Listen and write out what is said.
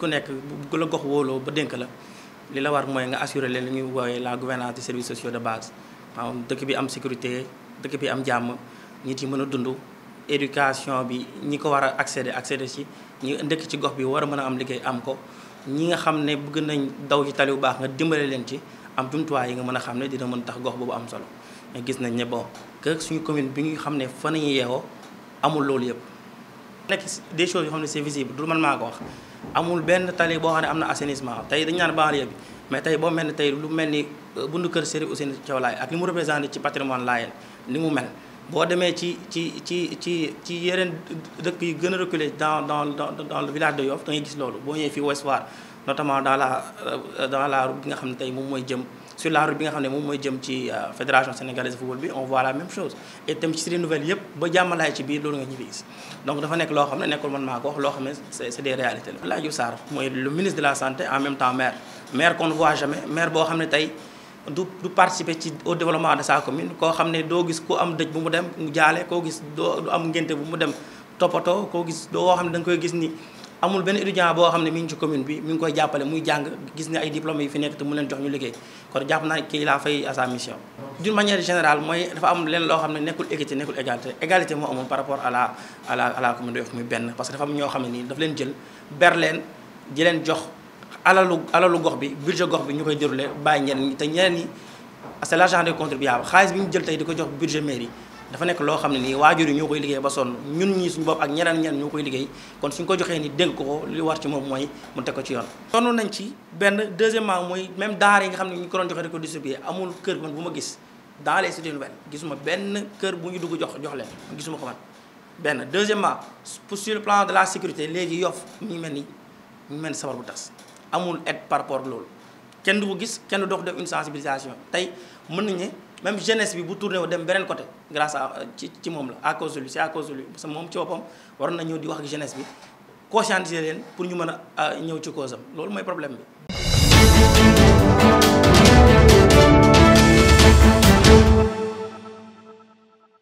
ku nekk bu la gox wooloo ba dénk la li la war mooy nga assurer leen li ñuy woowee la gouvernance des services sociaux de base maanaam dëkk bi am sécurité dëkk bi am jàmm nit yi mën a dund éducation bi ñi ko war a accéder accéder ci ñi ndëkk ci gox bi war a mën a am liggéey am ko ñi nga xam ne bëgg nañ daw ci tali bu baax nga dimbale leen ci am jumtuwaay yi nga mën a xam ne dina mën tax gox boobu am solo mais gis nañ ne bon que suñu commune bi nga xam ne fa nañu yeewoo amul loolu yëpp nekk des choses yoo xam ne c'est visible du man maa ko wax amul benn tali boo xam ne am na assainissement tey dañu naan banlieue bi mais tey boo mel ne tey lu mel ni bundu kër Serigne Ousseynou Thiaw Laye ak li mu représenté ci patrimoine Layène ni mu mel boo demee ci ci ci ci ci yeneen dëkk yu gën a reculé dans dans dans le village de Yoff da ngay gis loolu boo ñëwee fii Ouest Foire notamment dans la dans la route bi nga xam ne tey moom jëm sur la rue bi nga xam ne moom jëm ci euh, fédération sénégalaise de football bi on voit la même chose et tam ci seen nouvelles yëpp ba jàmmalaay ci biir loolu nga ñu gis donc dafa nekk loo xam ne nekkul man maa ko wax c'est des réalités la Abdoulaye Diouf le ministre de la santé en même temps maire maire qu'on ne voit jamais maire boo xam ne du participer ci au développement de sa commune ko xamné do gis ko am dëj bu mu dem jaale ko gis do am ngenté bu mu dem topato ko gis do xamné da nga koy gis ni amul ben étudiant bo xamné ne mi ngi ci commune bi mi ngi koy jappalé muy jang gis ne ay diplôme yi fi nek te mu len jox ñu liggéey kon japp naa ki la fay à sa mission. d'une manière générale moy dafa am len lo xamné nekul nekkul équité nekkul égalité égalité moo amoon par rapport à la à la à la commune de muy ben parce que dafa am ño xamné ne daf len jël ber leen di len jox alalu alalu gox bi budget gox bi ñukoy koy déroulé bàyyi ñeneen te ñeneen ni c'est l'argent des contribuables xaalis bi ñu jël tay di ko jox budget mairie dafa nekk loo xam ne nii waajur yi koy liggéey ba son ñun ñi suñu bop ak ñeneen ñan ñoo koy liggéey kon suñ ko joxé ni dégg ko li war ci mom moy mu teg ko ci yoon sonu nañ ci benn deuxièmement moy même daara yi nga xamni ñu ko doon joxé rek ko distribué amul kër man buma gis dans les cités nouvelles gisuma ben kër bu ñu dugg jox jox leen gisuma ko man benn deuxièmement pour sur le plan de la sécurité légui yof mu melni mel mu mel ni sabar bu tass amul aide par rapport loolu kenn du une sensibilisation tay mën nañu même jeunesse bi bu tourner dem côté grâce à euh, ci à cause de lui c'est à cause de lui parce que moom ci boppam war na di wax ak jeunesse bi conscientiser leen pour ñu euh, problème